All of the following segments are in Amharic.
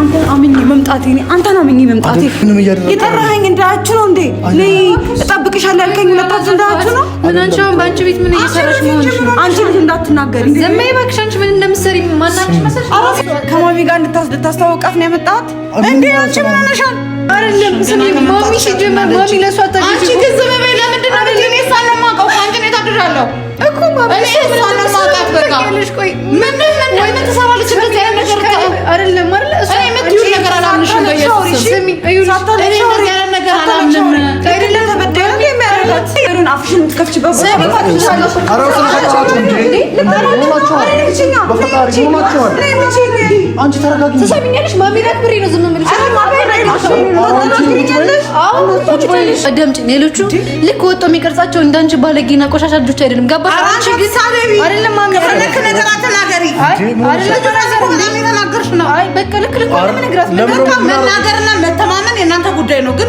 አንተን አምኜ መምጣቴ ነው። አንተን አምኜ መምጣቴ የጠራኸኝ እንዳያችሁ ነው እንዴ? ነይ እጠብቅሻለሁ ያልከኝ ሁለታችሁ እንዳያችሁ ነው። ምን አንቺ አሁን በአንቺ ቤት ምን እየሰራሽ ነው? አንቺ ቤት እንዳትናገሪ ዝም በይ እባክሽ። አንቺ ምን እንደምትሰሪ ማናችሁ መሰለሽ? አራስ ከማሚ ጋር እንድታስተዋውቃት ነው ያመጣት እንዴ? አንቺ ምን ሆነሻል? አይደለም ስሚ፣ ማሚ ሲጀመር ማሚ ለሷ ታጅ አንቺ ግን ዝም በይ። ለምንድን ነው እኔ ሳለማቀው አንቺ ነው የታድራለሁ እኮ ምን አንቺ ተረጋጊ። ትሰሚኛለሽ? ማሚራት ብሬ ነው ዝም የምልሽ። አዳምጪ። ሌሎቹ ልክ ወጥቶ የሚቀርጻቸው እንዳንቺ ባለጌና ቆሻሻ ልጆች አይደለም። ገባሽ? አይ በቃ ልክ ልክ መናገርና መተማመን የእናንተ ጉዳይ ነው ግን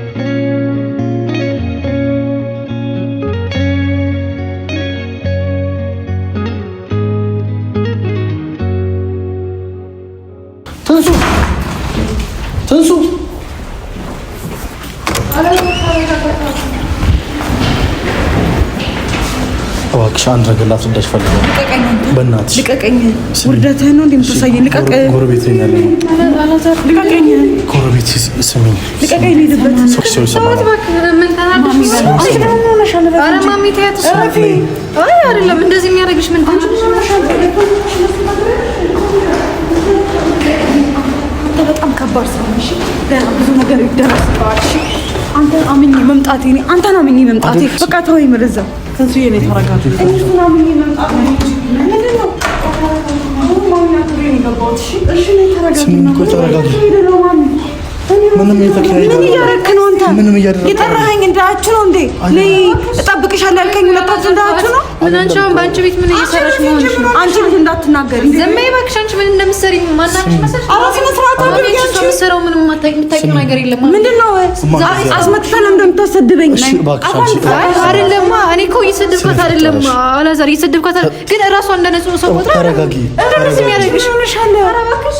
ትንሱ ትንሱ እባክሽ አንድ ነገር ላስረዳሽ ፈልጋለሁ። በእናትሽ ልቀቀኝ። ውርደትህን ነው እንደምታሳየኝ። ልቀቀኝ። ጎረቤት ልቀቀኝ። ጎረቤት ስሚኝ። ልቀቀኝ። እንደዚህ የሚያደርግሽ ከባድ ሰው ገና ብዙ ነገር ይደረስባል። እሺ አንተን አምኜ መምጣቴ እኔ አንተን አምኜ መምጣቴ በቃ ተወኝ። መለዛ ከዚህ እኔ ተረጋጋ። እኔ አምኜ መምጣቴ ምንድን ነው? ምንም የተካሄደ ነው? አንተ ምንም እያደረግህ የጠራኸኝ እንዳያችሁ ነው እንዴ? ነይ እጠብቅሻለሁ ያልከኝ ሁለታችሁ እንዳያችሁ ነው። ምን አንቺ አሁን በአንቺ ቤት ምን እየሰራሽ መሆንሽ ነው? አንቺ ቤት እንዳትናገሪ ዘመይ በይ እባክሽ። አንቺ ምን እንደምትሰሪ ማናችሁ መሰለሽ? ኧረ መስራት ስርዓት አድርጊ። አንቺ የምትሰራው ምንም የምታውቂው ነገር የለም። ምንድን ነው አስመጥተን እንደምታሰድበኝ? አይደለም እኔ እኮ እየሰደብኳት አይደለም አላዛር፣ እየሰደብኳት ግን እራሷ እንደነጹ ሰው ቆጥራ ተረጋጊ። እንደዚህ የሚያደርግሽ ኧረ እባክሽ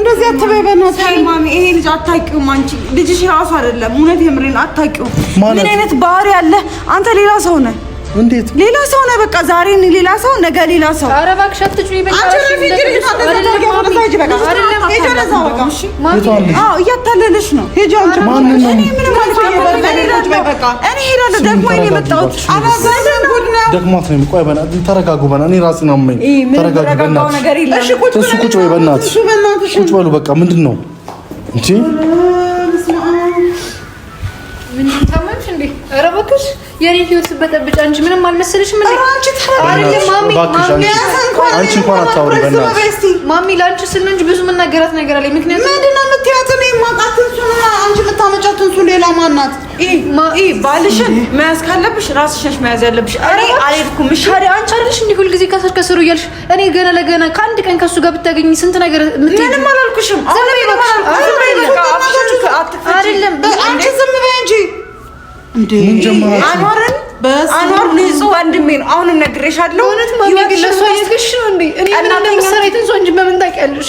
እንደዚህ አትበይ በእናትሽ። ማሚ ይሄ ልጅ አታውቂውም አንቺ ልጅሽ እራሱ አይደለም። እውነት የምሬን አታውቂውም። ምን አይነት ባህሪ ያለ አንተ ሌላ ሰው ነህ። እንዴት ሌላ ሰው ነህ? በቃ ዛሬ ሌላ ሰው፣ ነገ ሌላ ሰው። ኧረ እባክሽ አትጩኝ። በቃ እያታለለሽ ነው። ሂጂ አንቺ። ነው ምንም እኔ ሄዳለሁ። ደግሞ እኔ የመጣሁት ደክማት ነው። ተረጋጉ። በእናትህ ተረጋጉ በእናትህ። እሱ ቁጭ በይ በእናትህ ቁጭ በሉ በቃ። ምንድን ነው እንቺ? የኔ ምንም አልመሰለሽም። ምን አንቺ ማሚ ላንቺ ስል ነው እንጂ ብዙ መናገራት ምንም አለኝ teatrini makatın sonuna ancak tanıcatın söyle ama anlat. İyi, ma iyi, balışın. Mezkallemiş, rast şaşmaya zellemiş. Ari ayırkmış. Hari አንቻለሽ እንዲህ ሁልጊዜ ከስር ከስሩ እያልሽ እኔ ገና ለገና ከአንድ ቀን ከሱ ጋር ብታገኝ ስንት ነገር ምትይ። ምንም አላልኩሽም። አሁን አይደለም አንቺ ዝም በይ እንጂ እንዴ አኗርን አኗር ንጹህ ወንድሜ ነው። አሁንም ነግሬሻለሁ። እውነት ማግለሷ ይግሽ ነው እንዴ እኔ ምን እንደምሰራ የትንሷ እንጂ በምን ታውቂያለሽ?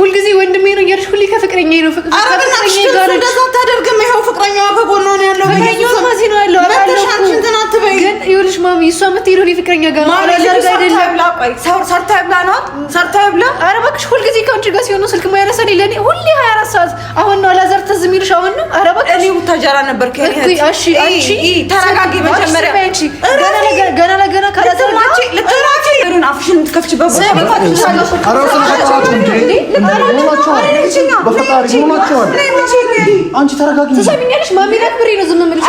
ሁልጊዜ ወንድሜ ነው እያልሽ ሁሌ ከፍቅረኛ ነው ፍቅረኛ ጋር እንደዛ ታደርግም። ይኸው ፍቅረኛዋ ከጎኗ ነው ያለው ነው ያለው አይዞሽ ማሚ፣ እሷ የምትሄደው ፍቅረኛ ጋር ነው። ሰርታ ብላ ነው፣ ሰርታ ብላ። ሁልጊዜ ከአንቺ ጋር ሲሆን ነው ስልክ የማያነሳ ለእኔ ሁሌ ሀያ አራት ሰዓት። አሁን ነው አላዛር ትዝ የሚልሽ አሁን ነው። ኧረ እባክሽ እኔ ቡታጀራ ነበር። ተረጋጊ መጀመሪያ። ገና ለገና አፍሽን የምትከፍቺበት ተረጋጊ። ማሚ? ነግሬ ነው ዝም የምልሽ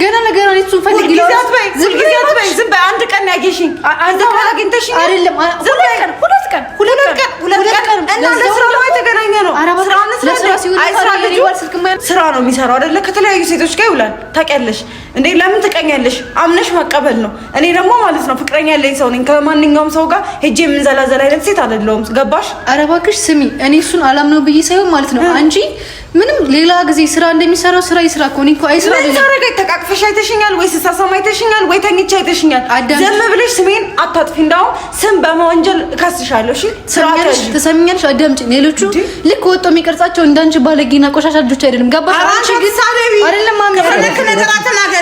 ገና ነገር ነው። እሱን ፈልግ ይላል። ዝም ዝም አንድ ቀን ያገኝሽኝ አንድ ቀን አይደለም። ቀን ሁለት ቀን ሁለት ቀን ሁለት ቀን እና ለስራ ነው የተገናኘ ነው። ስራ ነው የሚሰራው አይደለ? ከተለያዩ ሴቶች ጋር ይውላል። ታውቂያለሽ እንዴ ለምን ትቀኛለሽ? አምነሽ መቀበል ነው። እኔ ደግሞ ማለት ነው ፍቅረኛ ያለኝ ሰው ነኝ። ከማንኛውም ሰው ጋር ሄጄ የምንዘላዘል አይነት ሴት አይደለሁም። ገባሽ? ኧረ እባክሽ ስሚ፣ እኔ እሱን አላምነው ብዬ ሳይሆን ማለት ነው አንቺ ምንም ሌላ ጊዜ ስራ እንደሚሰራው ስራ ይስራ እኮ። እኔ እኮ አይ ስራ ምን ታረጋይ? ተቃቅፈሽ አይተሽኛል ወይ ስሳሳም አይተሽኛል ወይ ተኝቼ አይተሽኛል። ዝም ብለሽ ስሜን አታጥፊ። እንዳው ስም በመወንጀል እከስሻለሁ። እሺ ስራ ትሰሚኛለሽ? አዳምጪ። ሌሎቹ ልክ ወጦ የሚቀርጻቸው እንዳንቺ ባለጌና ቆሻሻ ልጆች አይደለም። ገባሽ? አንቺ ግን ሳቤቢ አይደለም ማሚ ማምነ ነገር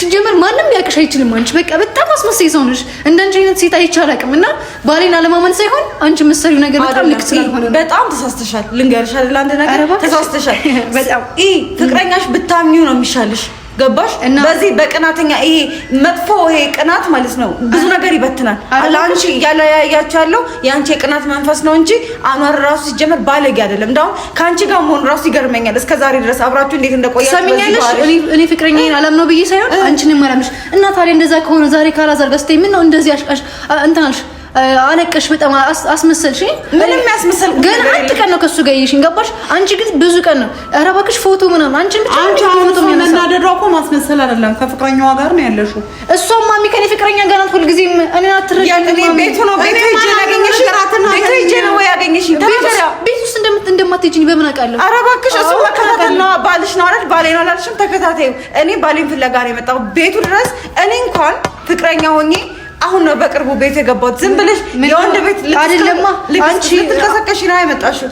ሲጀመር ማንም ያቅሽ አይችልም። አንቺ በቃ በጣም አስመሳይ ሰው ነሽ። እንዳንቺ አይነት ሴት አይቼ አላውቅም። እና ባሌን አለማመን ሳይሆን አንቺ መሰሪው ነገር በጣም ልክ ስላልሆነ በጣም ተሳስተሻል። ልንገርሽ አይደል አንድ ነገር ተሳስተሻል በጣም ኢ ፍቅረኛሽ ብታምኚው ነው የሚሻልሽ ገባሽ? እና በዚህ በቅናተኛ ይሄ መጥፎ ይሄ ቅናት ማለት ነው ብዙ ነገር ይበትናል። ለአንቺ እያለያያቸው ያለው የአንቺ የቅናት መንፈስ ነው እንጂ አኗር ራሱ ሲጀመር ባለጌ አይደለም። እንዳውም ከአንቺ ጋር መሆን ራሱ ይገርመኛል። እስከ ዛሬ ድረስ አብራችሁ እንዴት እንደቆያችሁ ሰሚኛለሽ። እኔ ፍቅረኛ አለም ነው ብዬ ሳይሆን አንቺንም አላምንሽ እና ታዲያ እንደዛ ከሆነ ዛሬ ካላዛር ገዝተኝ ምን ነው እንደዚህ አሽቃሽ እንትን አልሽ አነቀሽ፣ በጣም አስመሰልሽ። ምንም ያስመሰል ግን አንድ ቀን ነው ከሱ ጋር ይሽን ገባሽ። አንቺ ግን ብዙ ቀን ነው። ኧረ እባክሽ ፎቶ ምናምን አንቺን ብቻ አንቺ ፎቶ መናደዷ እኮ ማስመሰል አይደለም፣ ከፍቅረኛዋ ጋር ነው ያለሽው። እሷም ማሚ ከኔ ፍቅረኛ ጋር ናት። ሁልጊዜም እኔን አትረጂም። ቤቱ ነው ቤቱ ሂጅ ያገኘሽ ራትና ቤቱ ሂጅ ነው ያገኘሽ ቤት ውስጥ እንደማትሄጂኝ በምን አውቃለሁ? ኧረ እባክሽ እሱ መከታተል ነው። ባልሽ ነው አይደል? ባሌ ነው አላልሽም? ተከታታይ እኔ ባሌን ፍለጋ ነው የመጣው ቤቱ ድረስ እኔ እንኳን ፍቅረኛ ሆኜ አሁን ነው በቅርቡ ቤት የገባሁት። ዝም ብለሽ የወንድ ቤት አይደለማ። አንቺ ልትቀሰቀሽ ነው የመጣሽው።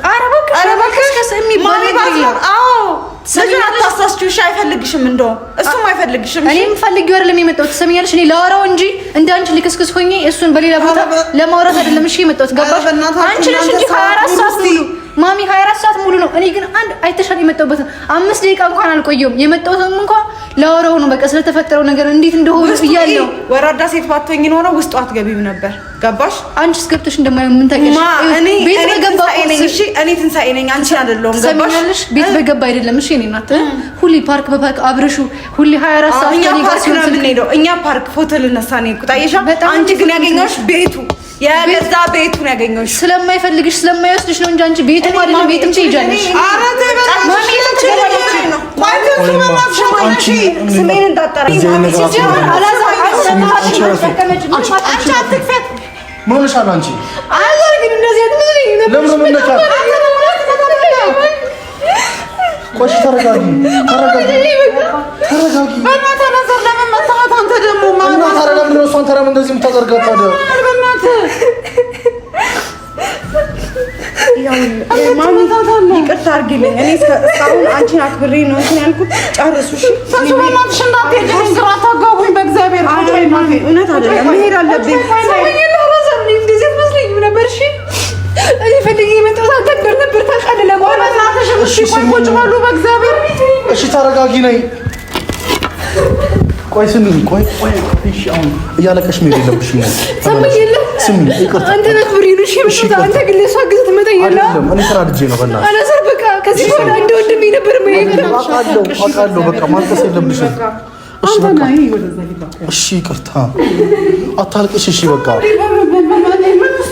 አይፈልግሽም፣ እንደውም እሱም አይፈልግሽም። እኔ ፈልጊው አይደለም ለሚመጣው ትሰሚኛለሽ። እኔ ላወራው እንጂ እንደ አንቺ ልክስክስ ሆኜ እሱን በሌላ ቦታ ለማውራት አይደለም። እሺ የመጣሁት ገባሽ? አንቺ ነሽ እንጂ ሀያ አራት ሰዓት ሙሉ ማሚ 24 ሰዓት ሙሉ ነው። እኔ ግን አንድ አይተሻል የመጣሁበትን አምስት ደቂቃ እንኳን አልቆየሁም። የመጣሁትም እንኳን ላወራው ነው በቃ ስለተፈጠረው ነገር እንዴት እንደሆነ ብያለሁ። ወራዳ ሴት ባትሆኝ ኖሮ ውስጡ አትገቢም ነበር። ገባሽ? አንቺስ ገብተሽ እንደማየው ምን ታውቂያለሽ? ቤት በገባ እሺ፣ እኔ ትንሳኤ ነኝ አንቺን አይደለሁም። ገባሽ? ቤት በገባ አይደለም። እሺ፣ እኔ እናት ሁሌ ፓርክ በፓርክ አብረሹ ሁሌ 24 ሰዓት እኛ ፓርክ እኛ ፎቶ ልነሳ ነው። ቁጣ አንቺ ግን ያገኘሽ ቤቱ የገዛ ቤቱን ያገኘሁሽ ስለማይፈልግሽ ስለማይወስድሽ ነው እንጂ አንቺ ቤቱም አይደለም ቤትም ትሄጃለሽ። ተረጋጊ። ይቅርታ አድርጊልኝ። እኔ እስካሁን አንቺን አክብሬ ነው እንትን ያልኩት። ጨርሱ። በእግዚአብሔር እውነት አይደለም መሄድ አለብኝ ነበር በእግዚአብሔር እሺ፣ ተረጋጊ ነኝ ቆይ ስሚኝ፣ ቆይ ቆይ፣ እሺ። አሁን እያለቀሽ ነው ነው። አንተ ነህ ብሪሉ። እሺ፣ አንተ ግን ለሷ ግዝ ትመጣየላ። እኔ ስራ ልጄ ነው በእናትህ አላዘር። በቃ ከዚህ በኋላ እንደ ወንድም ነበር ነው። አውቃለሁ። በቃ ማልቀስ የለብሽም። እሺ፣ በቃ እሺ፣ ይቅርታ። አታልቅሽ። እሺ፣ በቃ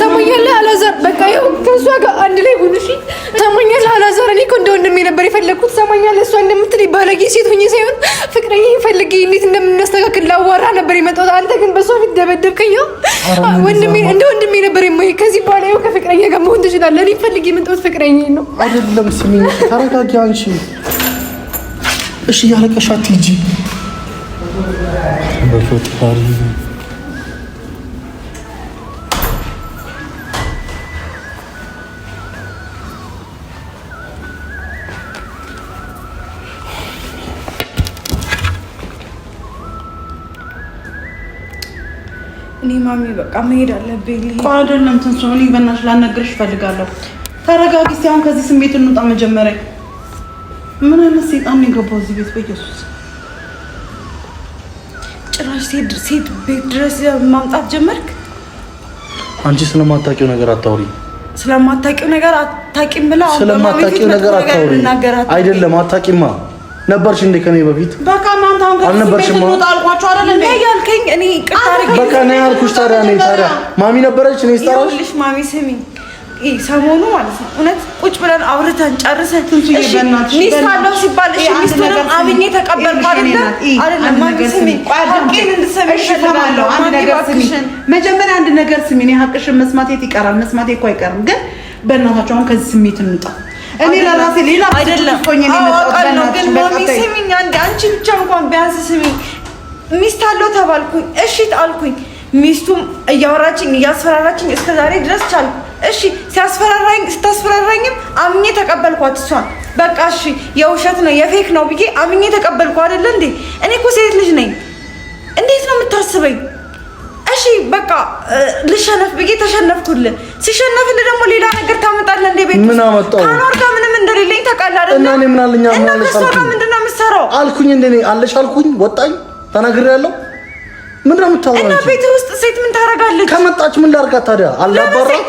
ትሰማኛለህ አላዛር? በቃ ይኸው ከእሷ ጋር አንድ ላይ ሁኑ። እሺ ትሰማኛለህ አላዛር? እኔ እኮ እንደ ወንድሜ ነበር የፈለግኩት። ትሰማኛለህ? እሷ እንደምትል ባለጌ ሴት ሆኜ ሳይሆን ፍቅረኛ ፈልጌ እንዴት እንደምናስተካክል ላዋራ ነበር የመጣሁት። አንተ ግን በእሷ ፊት ደበደብከኝ። ወንድሜ እንደ ወንድሜ ነበር የማ ከዚህ በኋላ ይኸው ከፍቅረኛ ጋር መሆን ትችላለህ። እኔ ፈልጌ የመጣሁት ፍቅረኛ ነው አይደለም። ስሚ፣ ተረጋጊ አንቺ። እሺ እያለቀሻት ሂጂ ማሚ በቃ መሄድ አለብኝ። አይደለም ትንሱ፣ እኔ በእናትሽ ላናግርሽ እፈልጋለሁ። ተረጋጊ እስኪ፣ አሁን ከዚህ ስሜት እንውጣ መጀመሪያ። ምን አይነት ሴጣን ነው የገባው እዚህ ቤት? በኢየሱስ ጭራሽ ሴት ቤት ድረስ ማምጣት ጀመርክ። አንቺ ስለማታውቂው ነገር አታውሪ። ስለማታውቂው ነገር አታውቂም ብላ ስለማታውቂው ነገር አታውሪ። አይደለም አታውቂማ ነበርሽ እንዴ ከኔ በፊት? በቃ እናንተ አንተ ያልከኝ እኔ በቃ ታዲያ ታዲያ ማሚ ነበረች እኔ ስታራሽ ልሽ ማሚ ስሚ ሰሞኑ ማለት ነው እውነት ቁጭ ብለን አውርተን ጨርሰን ሚስት አለው ሲባል እሺ ሚስቱንም አብኜ ተቀበልኩ አይደለም ማሚ አንድ ነገር መጀመሪያ አንድ ነገር ስሚ እኔ ሀቅሽን መስማቴት ይቀራል መስማቴ እኮ አይቀርም ግን በእናታቸው አሁን ከዚህ ስሜት እንውጣ እኔ ለራሴ ሌላ አይደለም አውቃለሁ፣ ግን ማሚ ስሚኝ አንዴ። አንቺ ብቻ እንኳን ቢያንስ ስሚኝ። ሚስት አለው ተባልኩኝ፣ እሺ አልኩኝ። ሚስቱም እያወራችኝ እያስፈራራችኝ እስከ ዛሬ ድረስ ቻልኩ። እሺ ሲያስፈራራኝ ስታስፈራራኝም አምኜ ተቀበልኳት። እሷን በቃ እሺ የውሸት ነው የፌክ ነው ብዬ አምኜ ተቀበልኩ። አይደለ እንዴ? እኔ እኮ ሴት ልጅ ነኝ። እንዴት ነው የምታስበኝ? እሺ በቃ ልሸነፍ ብዬ ተሸነፍኩልህ። ሲሸነፍልህ ደግሞ ሌላ ነገር ታመጣለህ እንዴ? ቤት ምን አመጣሁ እንደሌለኝ ታውቃለህ አይደል? እና እኔ ምን አለኝ አልኩኝ እንደኔ አለሽ አልኩኝ ወጣኝ ተናግሬያለሁ። ምንድን ነው የምታወራው? እና ቤት ውስጥ ሴት ምን ታደርጋለች? ከመጣች ምን ላድርጋት ታዲያ? አላባራት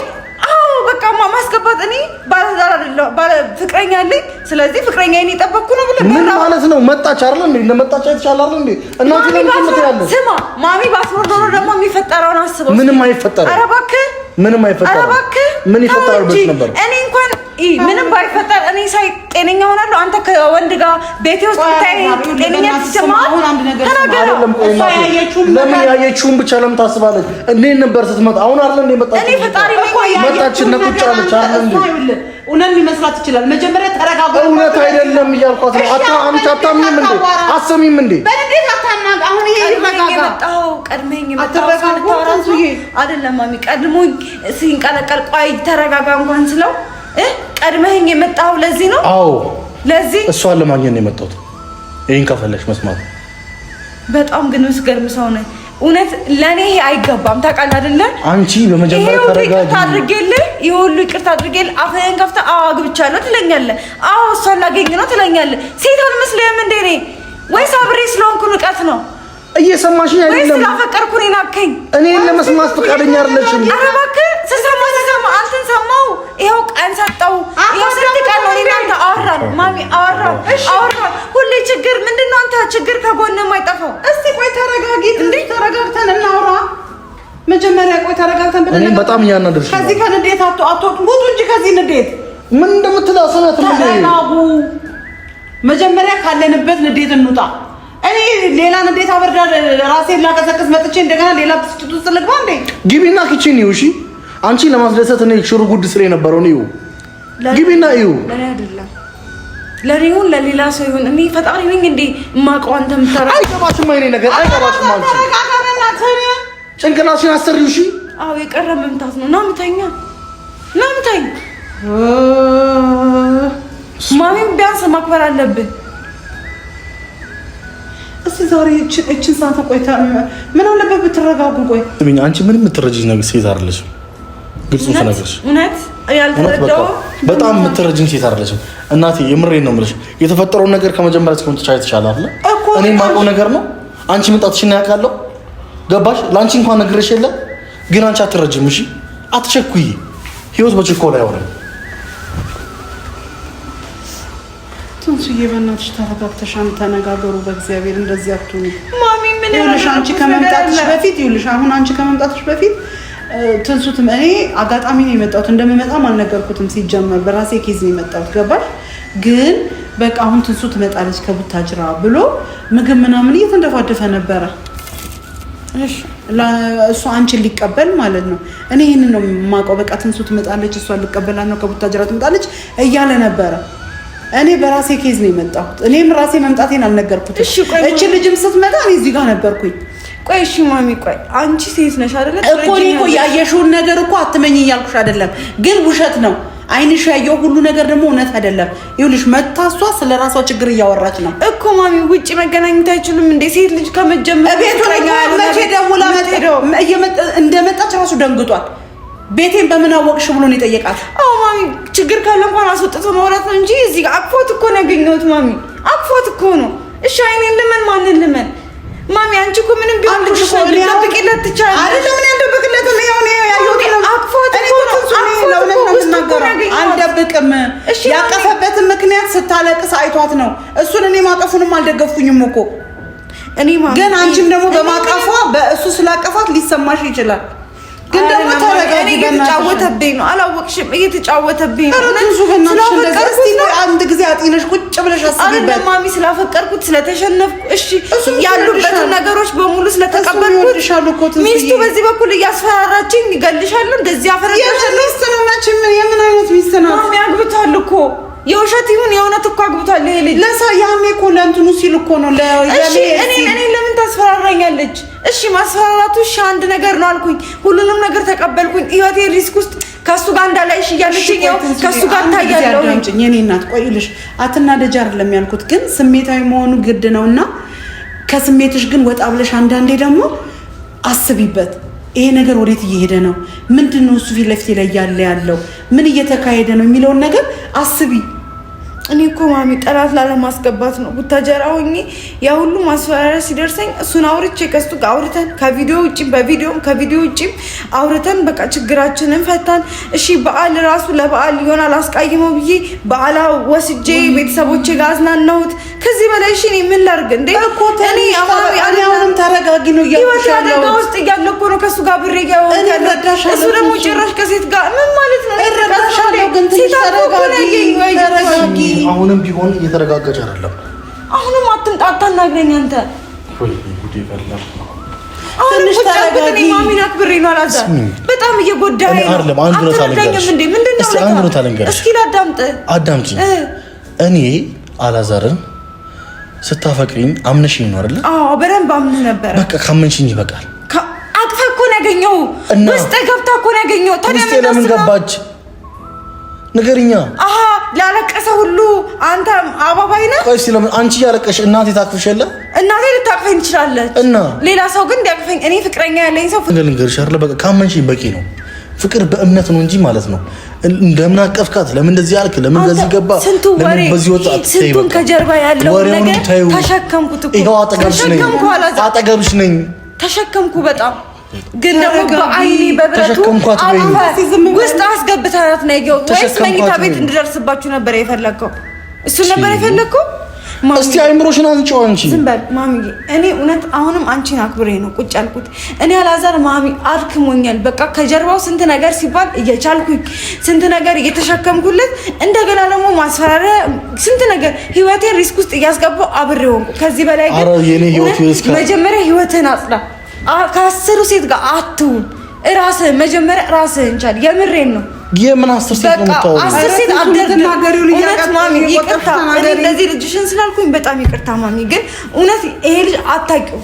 በቃ ማስገባት እኔ ባለትዳር አይደለሁ፣ ባለ ፍቅረኛ አለኝ። ስለዚህ ፍቅረኛ እኔ የጠበቅኩ ነው ብለህ ምን ማለት ነው? መጣች አይደል እንዴ? እንደመጣች አይተሻል አይደል እንዴ? እና እናቴ ምን ትላለች? ስማ ማሚ ባትኖር ኖሮ ደግሞ የሚፈጠረውን አስበው። ምንም አይፈጠርም። ኧረ እባክህ ምንም አይፈጠርም። ኧረ እባክህ ምን ይፈጠራል ብለሽ ነበር? እኔ እንኳን ምንም ባይፈጠር እኔ ሳይ ጤነኛ ሆናለሁ። አንተ ከወንድ ጋር ቤቴ ውስጥ ብታይ ያየችውን ብቻ ለምን ታስባለች? እንዴት ነበር ስትመጣ? አሁን አለ እንዴ መጣች እውነት ሊመስላት ይችላል። መጀመሪያ ተረጋጋ። እውነት አይደለም እያልኳት ነው። አታምጪ አታምኚም እንዴ አሰሚም እንዴ አይደለም ማሚ ቀድሞኝ ሲንቀለቀል ቆይ ተረጋጋ እንኳን ስለው ቀድመህኝ የመጣው ለዚህ ነው? አዎ፣ ለዚህ እሷን ለማግኘት ነው የመጣሁት። ይሄን ከፈለሽ መስማት በጣም ግን ምስገርም ሰው ነኝ። እውነት ለኔ ይሄ አይገባም። ታውቃለህ አይደለ? አንቺ በመጀመሪያ ይቅርታ አድርጌልህ ይሄ ይቅርታ አድርጌልህ አፍህን ከፍተህ አዎ አግብቻለሁ ትለኛለህ። አዎ እሷን ላገኝ ነው ትለኛለህ። ሴት አልመስልህም እንዴ? እኔ ወይስ አብሬ ስለሆንኩ ንቀት ነው? እየሰማሽኝ አይደለም? ስላፈቀርኩ እኔ ናከኝ። እኔ ለመስማት ፈቃደኛ አይደለሽም። ኧረ እባክህ ስሰማ ስሰማ አንተን ሰማሁ። ይኸው ቀን ሰጠው። ይኸው ስንት ቀን ነው እኔ እናንተ አወራን፣ ማሚ አወራን፣ አወራን። ሁሌ ችግር ምንድን ነው አንተ ችግር ከጎንህ የማይጠፋው። እስቲ ቆይ ተረጋጊ፣ እንዴ ተረጋግተን እናውራ መጀመሪያ። ቆይ ተረጋግተን ብለን እኔ በጣም እያናደርሽ ከዚህ ከንዴት አቶ አቶ ሙቱ እንጂ ከዚህ ንዴት ምን እንደምትለው ሰነት ነው። መጀመሪያ ካለንበት ንዴት እንውጣ። እኔ ሌላ እንዴት አበርዳ ራሴን ላቀሰቅስ መጥቼ እንደገና ሌላ ብስጭት ውስጥ ልግባ እንዴ? ግቢና ኪችን ይው። እሺ አንቺ ለማስደሰት እኔ ሽሩ ጉድ ስለ የነበረውን ይው። ግቢና ይው። ለኔ አይደለም ለኔ ይሁን ለሌላ ሰው ይሁን እኔ ፈጣሪ ነኝ እንዴ የማውቀው። አንተ አይገባሽም። አይኔ ነገር አይገባሽም። አንቺ ጭንቅላሽን አሰሪው። እሺ አዎ የቀረ መምታት ነው። ና ና ቢያንስ ማክበር አለብን። ዛሬ እችን ሰዓት ቆይታ ምን አለበት ብትረጋጉ። ቆይ ስሚኝ፣ አንቺ ምንም የምትረጂኝ ነገር ሴት አይደለሽም። ግልጽ ስነግርሽ እውነት ያልተረዳው በጣም የምትረጂኝ ሴት አይደለሽም። እናቴ የምሬን ነው የምልሽ። የተፈጠረውን ነገር ከመጀመሪያ እስከ ትቻ የተቻለ አለ እኔ የማውቀው ነገር ነው። አንቺ መምጣትሽን ያውቃለሁ። ገባሽ? ለአንቺ እንኳን ነግሬሽ የለ ግን አንቺ አትረጅም። እሺ አትቸኩይ። ህይወት በችኮላ አይሆንም። ትንሽዬ በእናትሽ ተረጋግተሽ ተነጋገሩ። በእግዚአብሔር እንደዚህ አትሁኑ። ማሚ ምን ይኸውልሽ፣ አንቺ ከመምጣትሽ በፊት ይኸውልሽ፣ አሁን አንቺ ከመምጣትሽ በፊት ትንሱትም እኔ አጋጣሚ ነው የመጣሁት። እንደምመጣም አልነገርኩትም ሲጀመር በራሴ ኬዝ ነው የመጣሁት። ገባሽ? ግን በቃ አሁን ትንሱ ትመጣለች ከቡታጅራ ብሎ ምግብ ምናምን እየተንደፋደፈ ነበረ። እሱ አንቺን ሊቀበል ማለት ነው። እኔ ይህንን ነው የማውቀው። በቃ ትንሱ ትመጣለች፣ እሷ ሊቀበላት ነው፣ ከቡታጅራ ትመጣለች እያለ ነበረ እኔ በራሴ ኬዝ ነው የመጣሁት። እኔም ራሴ መምጣቴን አልነገርኩትም። እቺ ልጅም ስትመጣ እኔ እዚህ ጋር ነበርኩኝ። ቆይ እሺ ማሚ፣ ቆይ አንቺ ሴት ነሽ አይደለ? እኮ እኔ እኮ ያየሽውን ነገር እኮ አትመኝ እያልኩሽ አይደለም፣ ግን ውሸት ነው። አይንሽ ያየው ሁሉ ነገር ደግሞ እውነት አይደለም። ይኸውልሽ መታ ስለ ራሷ ችግር እያወራች ነው እኮ ማሚ። ውጭ መገናኘት አይችሉም እንዴ? ሴት ልጅ ከመጀመር ቤቱ ላይ መቼ ደውላ እንደመጣች ራሱ ደንግጧል። ቤቴን በምን አወቅሽ ብሎ ነው የጠየቃት። አዎ ማሚ፣ ችግር ካለ እንኳን አስወጥቶ መውራት ነው እንጂ እዚህ ጋር አቅፎት እኮ ነው ያገኘሁት ማሚ፣ አቅፎት እኮ ነው። እሺ አይኔን ልመን ማንን ልመን ማሚ? አንቺ እኮ ምንም ቢሆን ልትደብቅለት ትችያለሽ። አይደለም ምን ያልደብቅለት ነው ያው ነው ያየሁት አቅፎት እኮ ነው አልደብቅም። ያቀፈበትን ምክንያት ስታለቅስ አይቷት ነው። እሱን እኔ ማቀፉንም አልደገፍኩኝም እኮ እኔ ማሚ፣ ግን አንቺም ደግሞ በማቀፏ በእሱ ስላቀፋት ሊሰማሽ ይችላል ግን ደግሞ ተረጋጊ። እየተጫወተብኝ ነው። አላወቅሽም? እየተጫወተብኝ ነው። አንድ ጊዜ አጢነሽ ቁጭ ብለሽ አስቢበት። ማሚ ስላፈቀርኩት ስለተሸነፍኩ፣ እሺ ያሉበትን ነገሮች በሙሉ ስለተቀበልኩት፣ ሚስቱ በዚህ በኩል እያስፈራራችኝ ይገልሻለሁ። እንደዚህ አፈረጋለሁ። ሚስት ነው። የምን አይነት ሚስት ናት? ማሚ አግብቷል እኮ የውሸት ይሁን የእውነት እኮ አግብቷል። ይሄ ልጅ ለሳ ያሜ እኮ ለእንትኑ ሲል እኮ ነው። እሺ እኔ እኔ ለምን ታስፈራራኛለች? እሺ ማስፈራራቱ እሺ አንድ ነገር ነው አልኩኝ። ሁሉንም ነገር ተቀበልኩኝ። ህይወቴ ሪስክ ውስጥ ከሱ ጋር እንዳላይሽ እያለችኝ ያው ከሱ ጋር ታያለው የኔ እናት ቆይልሽ አትና አይደለም ያልኩት፣ ግን ስሜታዊ መሆኑ ግድ ነውና ከስሜትሽ ግን ወጣ ብለሽ አንዳንዴ ደግሞ አስቢበት። ይሄ ነገር ወዴት እየሄደ ነው? ምንድን ነው እሱ ፊት ለፊት ላይ ያለ ያለው ምን እየተካሄደ ነው የሚለውን ነገር አስቢ። እኔ እኮ ማሚ ጠላት ላለማስገባት ነው ቡታጀራ ሆኜ ያ ሁሉ ማስፈራሪያ ሲደርሰኝ እሱን አውርቼ ከስቱ አውርተን ከቪዲዮ ውጭም በቪዲዮም ከቪዲዮ ውጭም አውርተን በቃ ችግራችንን ፈታን። እሺ በዓል ራሱ ለበዓል ይሆናል አስቃይመው ብዬ በዓላ ወስጄ ቤተሰቦቼ ጋር አዝናናሁት። ከዚህ በላይ እሺ፣ እኔ ምን ላድርግ እንዴ? እኔ አሁንም ተረጋጊ ነው እያልኩሽ ውስጥ እያለ እኮ ነው ከእሱ ጋር ብሬ እሱ ደግሞ ጭራሽ ከሴት ጋር ምን ማለት ነው? አሁንም ቢሆን እየተረጋጋች አይደለም። አሁንም አትምጣ፣ አታናግረኝ አንተ ትንሽ ተረጋጊ። ማሚን አክብሬ ነው አላዛም። በጣም እየጎዳኸኝ ነው። አትረዳኝም እንዴ? ነው እስኪ እኔ አላዛርን ስታፈቅሪኝ አምነሽኝ ነው አይደል? አዎ በደንብ አምነህ ነበረ። በቃ ካመንሽኝ ይበቃል። አቅፋ እኮ ነው ያገኘው፣ ውስጥ ገብታ እኮ ነው ያገኘው። ታዲያ ለምን ገባች? ንገርኛ። አሀ ላለቀሰ ሁሉ አንተ አባባይ ነህ። ቆይ እስኪ ለምን አንቺ እያለቀሽ እናቴ ታቅፍሽ የለ? እናቴ ልታቅፈኝ ትችላለች እና ሌላ ሰው ግን እንዲያቅፈኝ እኔ ፍቅረኛ ያለኝ ሰው ፍቅር ልንገርሽ አይደለ? በቃ ካመንሽኝ በቂ ነው። ፍቅር በእምነት ነው እንጂ ማለት ነው እንደምን አቀፍካት? ለምን እንደዚህ አልክ? ለምን እንደዚህ ገባ? ለምን በዚህ ወሬ ስንቱን ከጀርባ ያለው ነገር ተሸከምኩት እኮ። ይሄው አጠገብሽ ነኝ፣ አጠገብሽ ነኝ፣ ተሸከምኩ። በጣም ግን ደግሞ በአይኔ በብረቱ ውስጥ አስገብተናት ነው የገው ወይስ መኝታ ቤት እንድደርስባችሁ ነበር የፈለግከው? እሱን ነበር የፈለግከው? እስቲ አይምሮሽን አንቺው አንቺ ዝም በል ማሚ። እኔ እውነት አሁንም አንቺን አክብሬ ነው ቁጭ ያልኩት። እኔ አላዛር ማሚ አድክሞኛል። በቃ ከጀርባው ስንት ነገር ሲባል እየቻልኩ ስንት ነገር እየተሸከምኩለት እንደገና ደግሞ ማስፈራሪያ ስንት ነገር ህይወቴን ሪስክ ውስጥ እያስገባው አብሬ ሆንኩ። ከዚህ በላይ ግን መጀመሪያ ህይወትህን አጽዳ። ከአስሩ ሴት ጋር አትውል። ራስህን መጀመሪያ ራስህን ቻል። የምሬን ነው የምን አስር ሴት ነው የምታወሪው? አስር ሴት አደርግናገሪው ማሚ፣ ይቅርታ እኔ እንደዚህ ልጅሽን ስላልኩኝ በጣም ይቅርታ ማሚ። ግን እውነት ይሄ ልጅ አታውቂው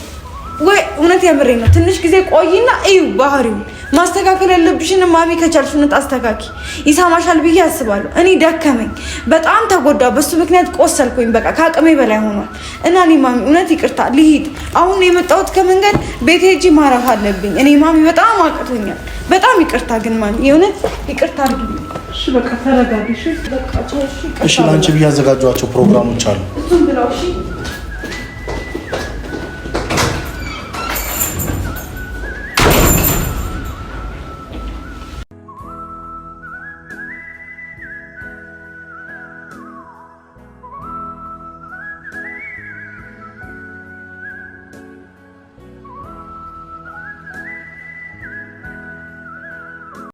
ወይ? እውነት የምሬ ነው። ትንሽ ጊዜ ቆይና እዩ ባህሪው ማስተካከል ያለብሽን ማሚ ከቻልሽ ነት አስተካኪ። ይሰማሻል ብዬ አስባለሁ። እኔ ደከመኝ፣ በጣም ተጎዳ፣ በሱ ምክንያት ቆሰልኩኝ። በቃ ከአቅሜ በላይ ሆኗል እና እኔ ማሚ እውነት ይቅርታ ልሂድ። አሁን የመጣሁት ከመንገድ ቤት ሄጂ ማረፍ አለብኝ። እኔ ማሚ በጣም አቅቶኛል። በጣም ይቅርታ ግን ማሚ የእውነት ይቅርታ አድርጊልኝ። እሺ በቃ ተረጋግሽ። እሺ በቃ እሺ። ለአንቺ ብዬ ያዘጋጇቸው ፕሮግራሞች አሉ። እሱም ብለው እሺ